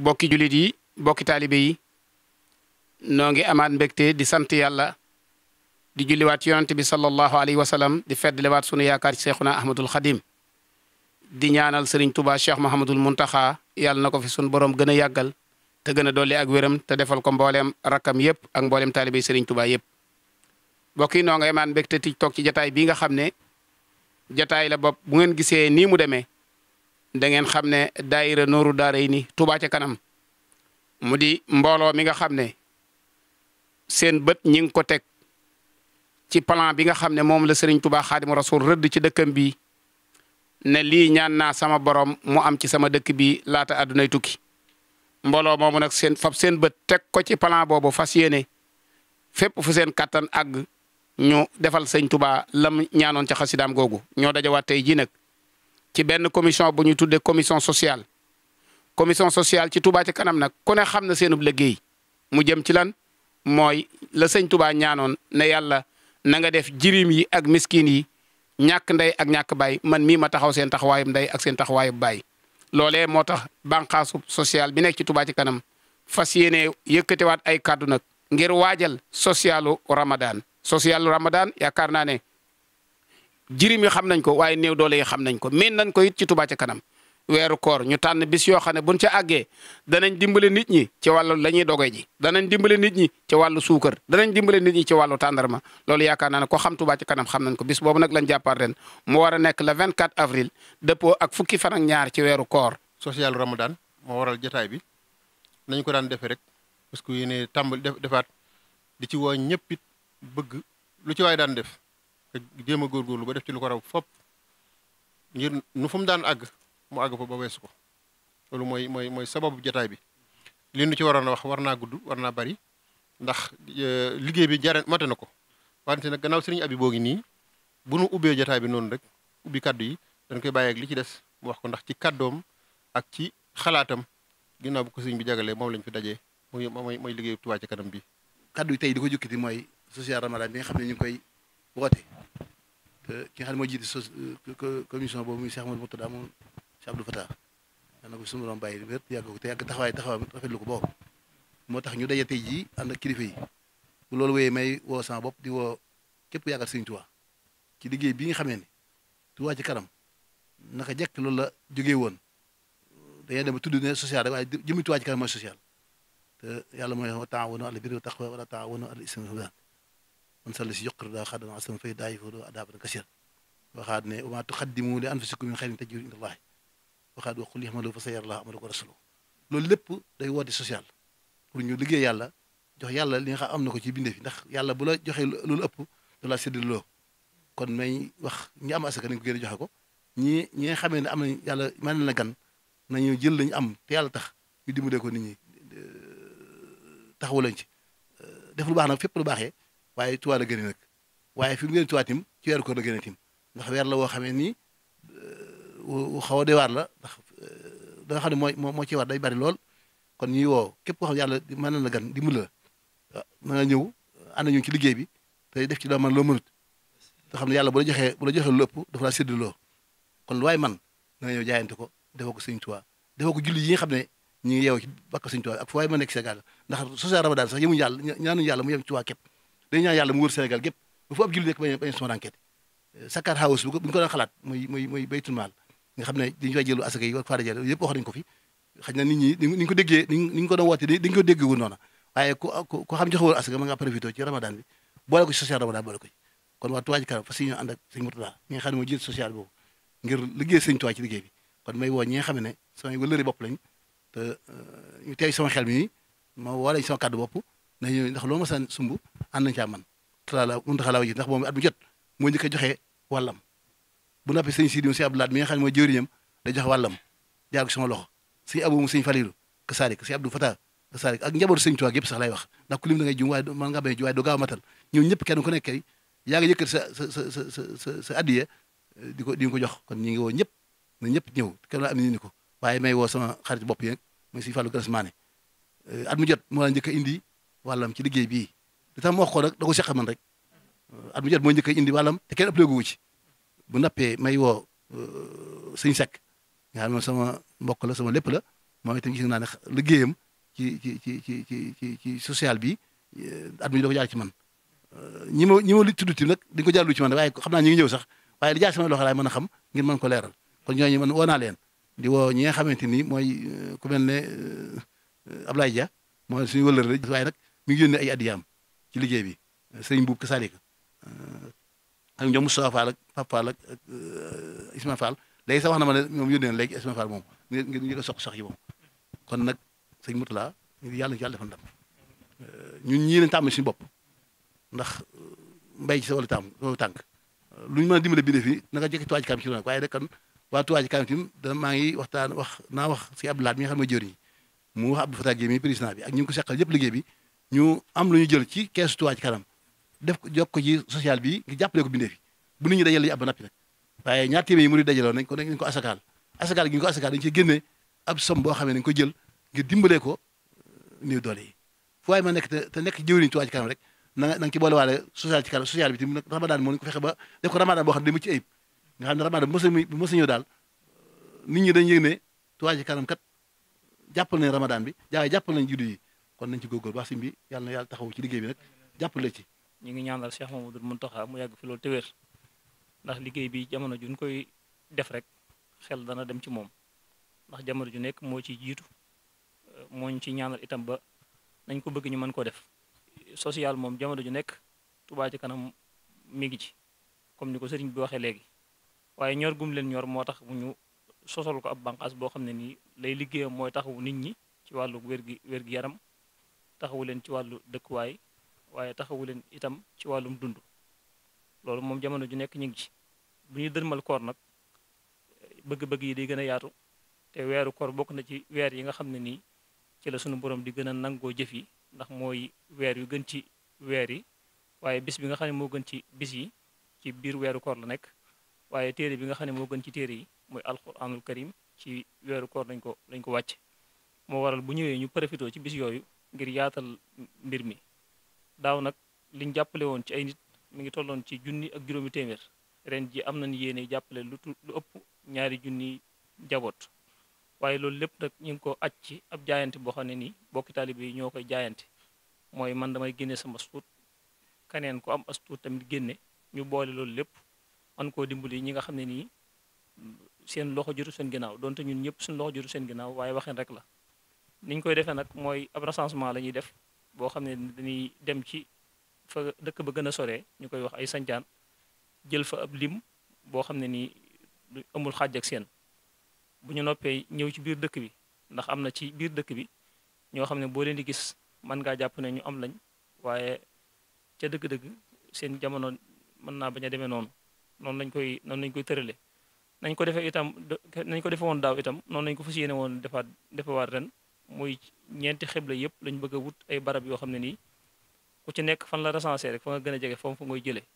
bokki jullit yi bokki taalibe yi noo ngi amaat mbégte di sant yàlla di julliwaat yonante bi sallallahu alayhi wa sallam di feddliwaat sunu yaakaar ci seexuna ahmadul xadim di ñaanal sëriñ tubaa cheikh mahamadul muntaxa yàlla na ko fi sunu borom gën a yàggal te gën a dolli ak wéram te defal ko mbooleem rakkam yëpp ak mbooleem taalibe yi sëriñ tubaa yëpp mbokk yi noo ngay amaat mbégte ti toog ci jataay bii nga xam ne jataay la bopp bu ngeen gisee nii mu demee da ngeen xam ne daayira nooru daara yi ni Touba ca kanam mu di mbooloo mi nga xam ne seen bët ñi ngi ko teg ci plan bi nga xam ne moom la Serigne Touba Xaadimu Rasuul rëdd ci dëkkam bi ne lii ñaan naa sama boroom mu am ci sama dëkk bi laata addunay tukki mbooloo moomu nag seen fab seen bët teg ko ci plan boobu fas yéene fépp fu seen kattan àgg ñu defal sëñ tubaa lam ñaanoon ca xasidaam googu ñoo dajawaat tey jii nag ci benn commission bu ñuy tuddee commission sociale commission sociale ci tubaa ci kanam nag ku ne xam na seenub liggéey mu jëm ci lan mooy la sëñ tubaa ñaanoon na yàlla na nga def jirim yi ak miskin yi ñàkk ndey ak ñàkk baay man mii ma taxaw seen taxawaayub ndey ak seen taxawaayub baay loole moo tax bànqaasu sociale bi nekk ci tubaa ci kanam fas yéene yëkkatewaat ay kàddu nag ngir waajal socialu Ramadan socialu Ramadan yaakaar naa ne. jirim yi xam nañ ko waaye néew doole yi xam nañ ko miin nañ ko it ci Touba ca kanam weeru koor ñu tànn bis yoo xam ne buñ ca àggee danañ dimbale nit ñi ci wàllu la ñuy doge ji danañ dimbale nit ñi ci wàllu suukar danañ dimbale nit ñi ci wàllu tàndarma loolu yaakaar naa ne ko xam Touba ca kanam xam nañ ko bis boobu nag lañ jàppaar ren mu war a nekk le 24 avril dëppoo ak fukki fanak ak ñaar ci weeru koor social ramadan moo waral jotaay bi nañ ko daan defee rek parce que yéene tàmbali defaat di ci woo ñëpp it bëgg lu ci waay daan def te jéem a góorgóorlu ba def ci lu ko raw fop ngir nu fu mu daan àgg mu àgg fa ba weesu ko loolu mooy mooy mooy sababu jataay bi li nu ci waroon wax war naa gudd war naa bari ndax e, liggéey bi jare mate na ko wante nag gannaaw sëriñ abi boo ngi nii bu nu ubbee jataay bi noonu yi dañ koy bàyyeeg li ci des mu wax ko ndax ci kàddoom ak ci xalaatam ginnaaw bu ko sëriñ bi jagalee moom lañ fi dajee muy mooy mooy liggéey Touba ca kanam bi kàddu yi tey di ko jukkiti mooy social ramadan bi nga xam ne ñu ngi koy woote te ki nga xam ne mooy jiite so euh, commission boobu muy Cheikh Amadou Mourtada moom Cheikh Abdou Fatah dana ko suñu borom bàyyi wér yàgg te yàgg taxawaay taxawaay rafetlu ko boobu moo tax ñu daje te jii ànd ak kilifa bu loolu wéyee may woo sama bopp di woo képp ku yàggal Sëriñ Tuubaa ci liggéey bi nga xamee ne Tuubaa ci kanam naka jekk loolu la jógee woon dañuy dem tudd ne social rek waaye jëmmi Tuubaa ci kanam mooy social te yàlla mooy taawanu alal birri wa taqwa wala taawanu alal ismi wal أنسى الذي يقرض قرضا حسنا فيضاعفه أضعافا كثيرة waxaat ne wa maa tuqaddimu li anfusikum min xayrin tajidu inda Allahi waxaat wa qul i'malu fa sayara Allahu amalakum wa rasuluhu loolu lépp day woote social pour ñu liggéey yàlla jox yàlla li nga xam am na ko ci bindee fi ndax yàlla bu la joxee loolu ëpp du la séddaloo kon may wax ñi am asaka nañ ko génne joxe ko ñi nga xamee ne am nañ yàlla mën na la gan nañu jël lañu am te yàlla tax ñu dimbalee ko nit ñi taxawu lañ ci def lu baax nag waaye Tuubaa la gën a nag waaye fi mu gën a Tuubaa tim ci weeru koor la gën a tim ndax weer la woo xamee ni euh, xaw a dee waar la ndax euh, da nga ne mooy moo ci war day bari lool kon ñuy woo képp koo xam ne yàlla mën na la gan di mu la ah, na nga ñëw ànd ñu ci liggéey bi te def ci loo man loo mënut te xam ne yàlla bu la joxee bu la joxee lu ëpp dafa laa séddaloo man na nga ñëw jaayante ko defoo ko Sëñ Tuubaa defoo ko julli yi nga xam ne ñu ngi yeewu ci bakk Sëñ ak fu waay ma nekk Sénégal ndax social Ramadan sax mu yem ci Tuubaa képp dañu ñaan yàlla mu wër Sénégal gépp bañ a sonn enquête Sakaar House bu ñu ko doon xalaat muy muy maal nga ne ko fi xëy na nit ñi ni ñu ko déggee ni ñu ko doon woote dañu ko dégg woon noona waaye ku ku xam joxewul asaka ma nga profité ci ramadan bi boole ko social ramadan boole kon waa Touba Ca Kanam fas yéene ànd ak sëñ ne moo jiite social boobu ngir liggéey sëñ Touba ci bi kon may woo ñi nga xam ne samay wëllëri bopp lañ te euh, ñu sama xel mi ma woo lañ sama kàddu bopp ndax yooyu ndax loo ma saan sumb ànd nañ caa man talaalaa mun taxalaaw ji ndax moom at moo njëkk a joxe wàllam bu noppi sëñ Sidiou si Abdoulaat mi nga xam ne mooy jëwriñam day joxe wàllam jaar ko sama loxo sëñ Abou mu sëñ Falilou ka saarik sëñ Abdou Fatah ka saarik ak njabootu sëñ Tuubaa yëpp sax lay wax ndax ku lim da ngay jum waaye man nga bañ jum waaye doo gaaw matal ñoom ñëpp kenn ku nekk kay yaa ngi yëkkat sa sa sa sa sa sa addiya eh, di ko di ko jox kon ñi ngi woo ñëpp ñëpp ñëw kenn am ni ko waaye woo sama xarit bopp yi nag mooy sëñ Fallou Garas Mané eh, at mu njëkk indi wàllam ci liggéey bi li tax mu wax ko nag da ko seqe man rek euh, at mu jot mooy njëkk indi wallam te kenn ëppale gu ci bu nappee may woo euh, sëñ Seck nga xam ne sama mbokk la sama lépp la moom itam gis naa liggéeyam ci ci ci ci ci ci ci social bi euh, at mi da ko ci man ñi ma ñi ma li nag dañu ko jaarlu ci man waaye xam naa ñu ngi ñëw sax waaye li jaar laay mën a xam ngir mën ko leeral kon ñooñu man woo naa leen di woo ñi nga xamante ni mooy ku ne Ablaye Dia mooy suñu wëllër la waaye mi ngi a ay addiyaam bi eh, sëriñ buub kasaalika eh, ak ñoom Moustapha Fall ak Papa Fall ak eh, Isma Fall na ma ne ñoom yónnee léegi Isma Fall moom bopp ndax mbay sa wala tàmm wala lu ñu mën a dimbale bindee fii naka jekki tuwaaji kaam ci la waaye rek kan waa tuwaaji kaam ci dana maa ngi waxtaan wax naa wax si Abdoulaye mi nga xam ne jëriñ mu wax Abdou a Guèye mi président bi ak ñu ngi ko seqal yëpp liggéey bi ñu am lu ñu jël ci keesu Touba Ca Kanam def ko jox ko ci social bi ngi jàppale ko bi fi bu ni ñi dajale ñu ab ba nappi nag waaye ñaar yi mu di dajaloon nañ ko nañ ko asakaal asakaal gi ñu ko asakaal dañu ci génnee ab boo xamee nañ ko jël ngir dimbalee ko euh, néew doole yi ma nekk te te nekk jëwriñ Touba Ca Kanam rek na nga na nga ci boole waale social ci kanam social bi tamit nag ramadan moo ñu ko fexe ba def ko ramadan boo xam a nit ñi dañ ne Touba Ca Kanam kat jàppal nañ ramadan bi jaaye jàppal nañ juddu yi kon nañ ci góorgóor baax sëñ bi yàlla yàlla taxaw ci liggéey bi nag jàppale ci ñu ngi ñaanal Cheikh mun Mountakha mu yàgg fi loolu te wér ndax liggéey bi jamono juñ koy def rek xel dana dem ci moom ndax jamono ju nekk moo ci jiitu moo ñu ñaanal itam ba nañ ko bëgg ñu mën koo def social moom jamono ju nekk Touba ci kanam mi ngi ci comme ni ko sëriñ bi waxee léegi waaye ñor gum leen ñor moo tax mu ñu sosal ko ab bànqaas boo xam ne nii lay liggéeyam mooy taxawu nit ñi ci wàllu wér gi wér gi yaram taxawu leen ci wàllu dëkkuwaay waaye taxawu leen itam ci wàllum dund loolu moom jamono ju nekk ñu ngi ci bu ñu dërmal koor nag bëgg-bëgg yi day gën a yaatu te weeru koor bokk na ci weer yi nga xam ne nii ci la sunu borom di gën a nangoo jëf yi ndax mooy weer yu gën ci weer yi waaye bis bi nga xam ne moo gën ci bis yi ci biir weeru koor la nekk waaye téere bi nga xam ne moo gën ci téere yi mooy alquranul karim ci weeru koor lañ ko lañ ko wàcc moo waral bu ñëwee ñu profité ci bis yooyu ngir yaatal mbir mi daaw nag liñ jàppale woon ci ay nit mu ngi tolloon ci junni ak juróomi téeméer ren ji am na nañ yéene jàppale lu lu ëpp ñaari junni jaboot waaye loolu lépp nag ñu ngi ko aj ci ab jaayante boo xam ne nii bokki taalibe yi ñoo koy jaayante mooy man damay génne sama suut kaneen ku am astuut tamit génne ñu boole loolu lépp man koo dimbali ñi nga xam ne nii seen loxo jotu seen ginnaaw donte ñun ñëpp suñu loxo jotu seen ginnaaw waaye waxeen rek la niñ koy defee nag mooy ab recensement la ñuy def boo xam ne dañuy dem ci fa dëkk ba gën a soree ñu koy wax ay sancaan jël fa ab lim boo xam ne nii amul xaaj ak seen bu ñu noppee ñëw ci biir dëkk bi ndax am na ci biir dëkk bi ñoo xam ne boo leen di gis mën ngaa jàpp ne ñu am lañ waaye ca dëgg-dëgg seen jamono mën naa bañ a demee noonu noonu lañ koy noonu lañ koy tërale nañ ko defee itam nañ ko defe woon daaw itam noonu lañ ko fas yéene woon defaat defewaat ren muy ñeenti xibla yëpp lañ bëgg a wut ay barab yoo xam ne nii ku ci nekk fan la recensé rek fa nga gën a jege foofu fa ngay jëlee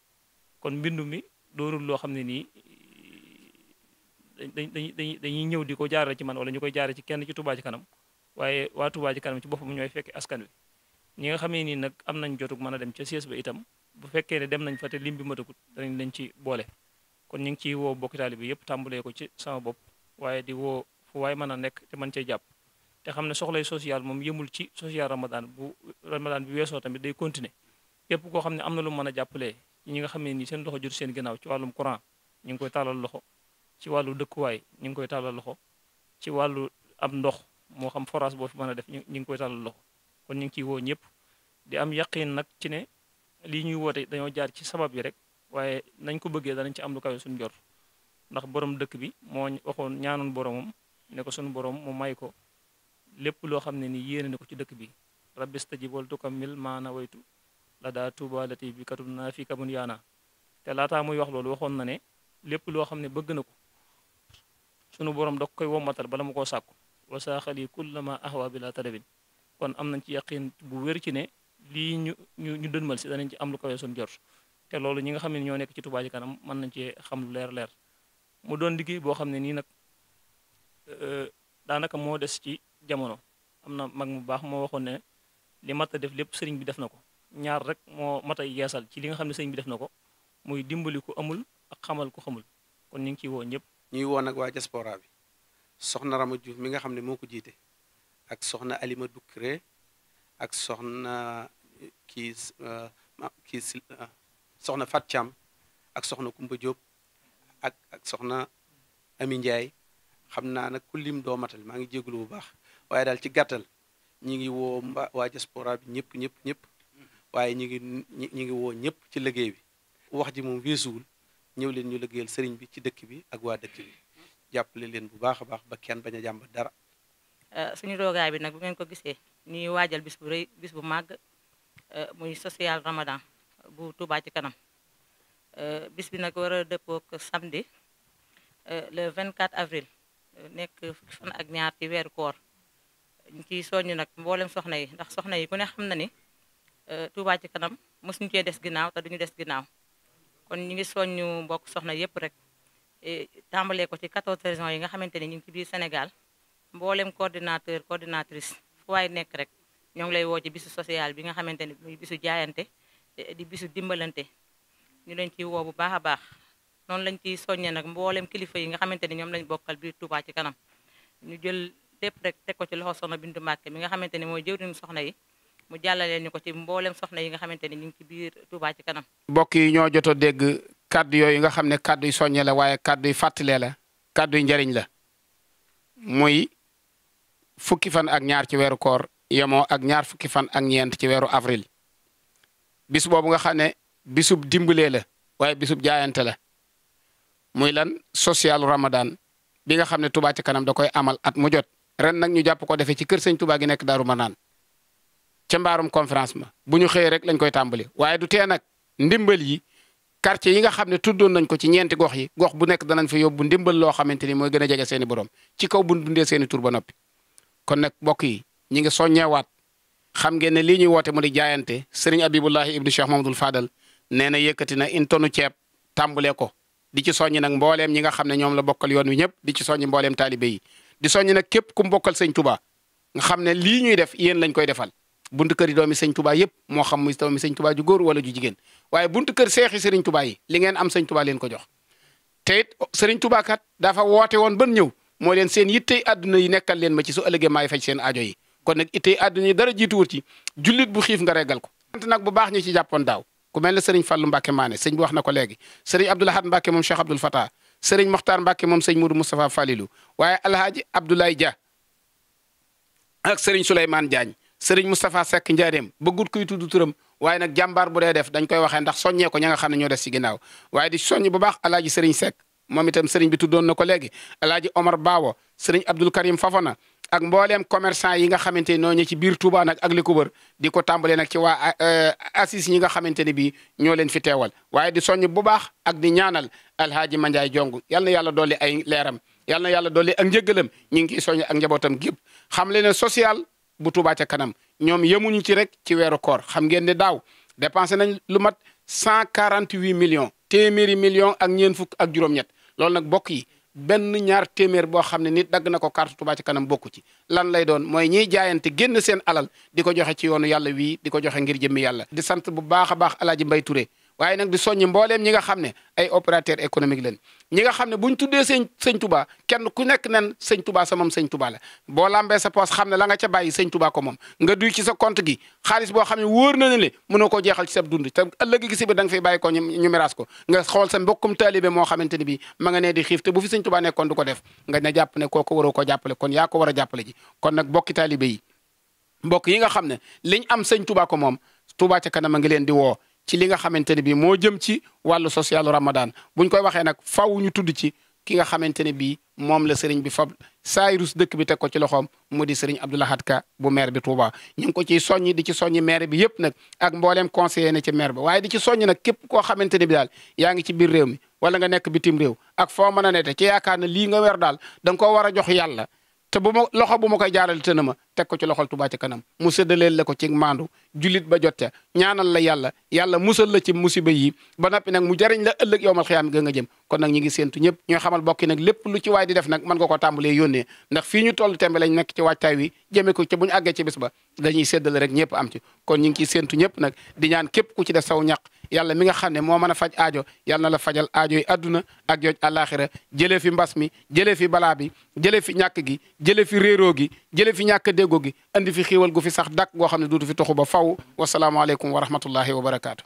kon mbindu mi doorul loo xam ne nii dañ dañuy dañuy ñëw di ko jaarale ci man wala ñu koy jaare ci kenn ci Touba ci kanam waaye waa Touba ci kanam ci boppam ñooy fekk askan wi ñi xamee nii nag am nañ jotug mën a dem ca siège ba itam bu fekkee ne dem nañ fa te lim bi matagut danañ leen ci boole kon ñu ngi ciy woo bokki taalibe bi yëpp tàmbalee ko ci sama bopp waaye di woo fu waaye mën a nekk te mën cee jàpp te xam ne soxlay social moom yëmul ci social ramadan bu ramadan bi weesoo tamit day continuer képp koo xam ne am na lu mën a jàppalee ñi nga xam ne nii seen loxo jot seen ginnaaw ci wàllum courant ñu ngi koy tàllal loxo ci wàllu dëkkuwaay ñu ngi koy tàllal loxo ci wàllu ab ndox moo xam forage boo fi mën a def ñu ngi koy tàllal loxo kon ñu ngi ciy woo ñëpp di am yaqin nag ci ne lii ñuy woote dañoo jaar ci sabab yi rek waaye nañ ko bëggee danañ ci am lu kawe suñu jor ndax borom dëkk bi moo waxoon ñaanoon boromam ne ko suñu borom mu may ko lépp loo xam ne ni yéene na ko ci dëkk bi rabbi stajib wal tukammil maana waytu la daa tuuba lati bi katub naa fi kabun yaana te laataa muy wax loolu waxoon na ne lépp loo xam ne bëgg na ko sunu borom da koy wommatal bala mu koo sàkku wasaaxali kullama ahwa bi la talabin kon am nañ ci yaqin bu wér ci ne lii ñu ñu ñu dënmal si danañ ci am lu kawee suñu jot te loolu ñi nga xam ne ñoo nekk ci Touba Ca Kanam mën nañ ci xam lu leer leer mu doon liggéey boo xam ne nii nag euh, moo des ci jamono am na mag mu baax moo waxoon ne li mat a def lépp sëriñ bi def na ko ñaar rek moo mat a yeesal ci li nga xam ne sëriñ bi def na ko muy dimbali ku amul ak xamal ku xamul kon ñu ngi ciy ñëpp. ñuy woo nag waa diaspora bi Rama Diouf mi nga xam ne moo ko jiite ak soxna Alima Dukkure ak soxna kii kii soxna Fat Thiam ak soxna Kumba Diop ak soxna Ami Ndiaye xam naa nag ku lim doo matal maa ngi jégalu bu baax. waaye daal ci gàttal ñi ngi woo waa diaspora bi ñëpp ñëpp ñëpp waaye ñi ngi ngi woo ñëpp ci liggéey bi wax ji moom weesuwul ñëw leen ñu liggéeyal sëriñ bi ci dëkk bi ak waa dëkk bi jàppale leen bu baax a baax ba kenn bañ jàmbat dara euh, suñu doogaay bi nag bu ngeen ko gisee ñuy waajal bis bu rëy bis bu màgg euh, muy social ramadan bu Touba ci kanam euh, bis bi nag war a dëppook samedi le 24 avril nekk fukki fan ak ñaar ci weeru koor ñu ciy soññ nag mboolem soxna yi ndax soxna yi ku ne xam na ni euh, Touba ci kanam mosuñu cee des ginaaw te duñu des ginnaaw kon ñu ngi soññu mbokk soxna yëpp rek e, tàmbalee ko ci 14 régions yi nga xamante ni ñu ngi ci biir Sénégal mboolem coordinateur coordinatrice fu nekk rek ñoo ngi lay woo ci bisu social bi nga xamante ni muy bisu jaayante e, di dimbalante ñu leen ciy woo bu baax a baax noonu lañ ciy soññee nag mboolem kilifa yi nga xamante ni ñoom lañ bokkal biir Touba ci kanam ñu jël lépp rek teg ci loxo soxna Bintu Mbàkke mi nga xamante ni mooy jëwriñu soxna yi mu jàllalee ñu ko ci mboolem soxna yi nga xamante ni ñu ngi ci biir Touba ci kanam. mbokk yi ñoo jot a dégg kaddu yooyu nga xam ne kaddu yu soññe la waaye kaddu yu fàttalee la kaddu njariñ njëriñ la muy fukki fan ak ñaar ci weeru koor yemoo ak ñaar fukki fan ak ñeent ci weeru avril bisu boobu nga xam ne bisub dimbalee la waaye bisub jaayante la muy lan social Ramadan bi nga xam ne Touba ci kanam da koy amal at mu jot. ren nag ñu jàpp ko defee ci kër sëñ Touba gi nekk Daaru Manaan ca mbaarum conférence ma bu ñu xëyee rek lañ koy tàmbali waaye du tee nag ndimbal yi quartier yi nga xam ne tuddoon nañ ko ci ñeenti gox yi gox bu nekk danañ fa yóbbu ndimbal loo xamante ni mooy gën a jege seeni i borom ci kaw bu ñu seeni seen tur ba noppi kon nag mbokk yi ñi ngi soññeewaat xam ngeen ne lii ñuy woote mu di jaayante sëriñ Abibullahi ibnu Cheikh Mamadul Fadal nee na yëkkati na une tonne ceeb tàmbule ko di ci soññi nag mbooleem ñi nga xam ne ñoom la bokkal yoon wi ñëpp di ci soññi mbooleem taalibe yi di soññ nag képp ku mbokkal sëñ Touba nga xam ne lii ñuy def yéen lañ koy defal buntu kër yi doomi sëñ Touba yëpp moo xam muy doomi sëñ Touba ju góor wala ju jigéen waaye buntu kër seexi sëriñ Touba yi li ngeen am sëñ Touba leen ko jox te it sëriñ Touba kat dafa woote woon ban ñëw moo leen seen yittey adduna yi nekkal leen ma ci su ëllëgee maay faj seen aajo yi kon nag ittey àdduna yi dara jiituwul ci jullit bu xiif nga reggal ko sant nag bu baax ñu ci jàppoon daaw ku mel ne sëriñ Fallou Mbacke Maane sëñ bi wax na ko léegi sëriñ Abdoul Ahad Mbacke moom Cheikh Abdoul Fatah sëriñ Moxtaar mbaki moom sëñ Modou Moustapha Falilou waaye alhaaji Abdoulaye Dia ak sëriñ Souleymane Diagne sëriñ Moustapha Seck Njaareem bëggut kuy tudd turam waaye nag jàmbaar bu dee def dañ koy waxee ndax soññee ko ña nga xam ne ñoo des ci ginnaaw waaye di soññ bu baax alhaaji sëriñ Seck moom itam sëriñ bi doon na ko léegi alhaaji Omar Bawo sëriñ Abdoul Karim Fafana ak mbooleem commerçant yi nga xamante ne ñoo ci biir Touba nag ak li ko wër di ko tàmbalee nag ci waa euh, assis ñi nga xamante ne bii ñoo leen fi teewal waaye di soññ bu baax ak di ñaanal alhaaji Mandiaye Diong jong na yàlla dolli ay leeram yal na yàlla dolli ak njëgalam ñu ngi ciy ak njabootam gépp xam le ne social bu Touba ca kanam ñoom yemuñu ci rek ci weeru koor xam ngeen ne daaw dépensé nañ lu mat cent quarante huit millions téeméeri million ak ñeen fukk ak juróom-ñett loolu nag bokk yi benn ñaar téeméer boo xam ne nit dagg na ko kartu Touba Ca Kanam bokku ci lan lay doon mooy ñiy jaayante génn seen alal di ko joxe ci yoonu yàlla wii di ko joxe ngir jëmmi yàlla di sant bu baax a baax alaaji Mbay Touré waaye di soññ mbooleem ñi nga xam ne ay opérateur économique lañ ñi nga xam ne bu ñu tuddee sëñ sëñ tubaa kenn ku nekk nen sëñ tubaa sa moom sëñ tubaa la boo lambee sa poos xam ne la nga ca bàyyi sëñ tubaa ko moom nga duy ci sa compte gi xaalis boo xam ne wóor na ne le mënoo koo jeexal ci sa dund te ëllëg gi si bi da nga ko ñu miraas ko nga xool sa moo xamante ne bi ma di xiif te bu fi sëñ tubaa nekkoon du ko def nga ne jàpp ne kooku waroo ko jàppale kon yaa ko war a jàppale ji kon nag bokki taalibe yi mbokk yi nga xam ne liñ am sëñ tubaa ko moom tubaa ca kanam a ngi leen di woo ci li nga xamante ne bii moo jëm ci wàllu social Ramadan buñ koy waxee nag faw ñu tudd ci ki nga xamante ne bii moom la sëriñ bi fab saayirus dëkk bi teg ko ci loxoom mu di sëriñ Abdou Lahad Ka bu meer bi Touba ñu ngi ko ciy soññi di ci soññi maire bi yëpp nag ak mbooleem conseiller ne ci maire ba waaye di ci soññi nag képp koo xamante ne bi daal yaa ngi ci biir réew mi wala nga nekk bitim réew ak foo mën a nete ci yaakaar ne lii nga weer daal da ko koo war a jox yàlla te bu loxo bu ma koy jaaral te na ma teg ko ci loxol Touba ca kanam mu séddaleel la ko ci maandu julit ba jot ca ñaanal la yàlla yàlla musal la ci musiba yi ba noppi nag mu jariñ la ëllëg yowmal xiyaam ga nga jëm kon nag ñi ngi séentu ñëpp ñooy xamal bokki nag lépp lu ci waay di def nag mën nga ko tàmbalee yónnee ndax fii ñu toll tembe lañ nekk ci waajtaay wi jëmee ko ca bu ñu àggee ci bés ba dañuy séddale rek ñëpp am ci kon ñi ngi ciy séentu ñëpp nag di ñaan képp ku ci def saw ñaq yàlla mi nga xam ne moo mën a faj aajo yàlla na la fajal aajo yi adduna ak jooj àllaaxira jëlee fi mbas mi jëlee fi balaa bi jëlee fi ñàkk gi jëlee fi réeroo gi jëlee fi ñàkk déggoo gi andi fi xiiwal gu fi sax dakk goo xam ne duutu fi toxu ba faw wasalaamaaleykum wa rahmatullahi wa barakaatu.